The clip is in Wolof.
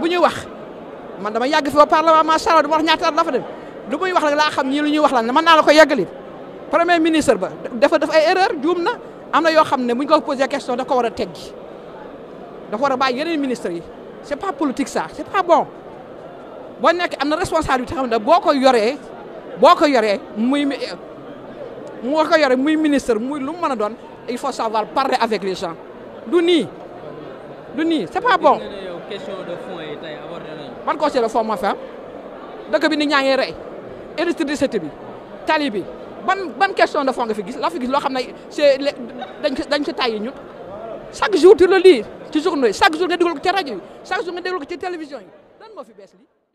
bu ñuy wax man dama yàgg fi ba parlement macha allah du ma wax ñaata la fa dem lu muy wax nag laa xam ñii lu ñuy wax lan mën naa la ko yeggali premier ministre ba dafa def ay erreur juum na am na yoo xam ne bu ñu ko posé question daf ko war a teggi dafa war a bàyyi yeneen ministres yi c' est pas politique ça c' est pas bon boo nekk am na responsabilité xam ne boo ko yoree boo ko yoree muy moo ko yore muy ministre muy lu ma mën a doon il faut savoir parler avec les gens du nii du nii question de fond yi tey abordé nañu. man question de fond moo fi dëkk bi ni ñaa ngi rey électricité bi tali bi ban ban question de fond nga fi gis loo fi gis loo xam ne c'est dañ ko dañ ko tàyyi ñun chaque jour tu le lis ci journaux yi chaque jour nga déglu ko ci rajo yi chaque jour nga déglu ko ci télévision yi lan moo fi bees lii.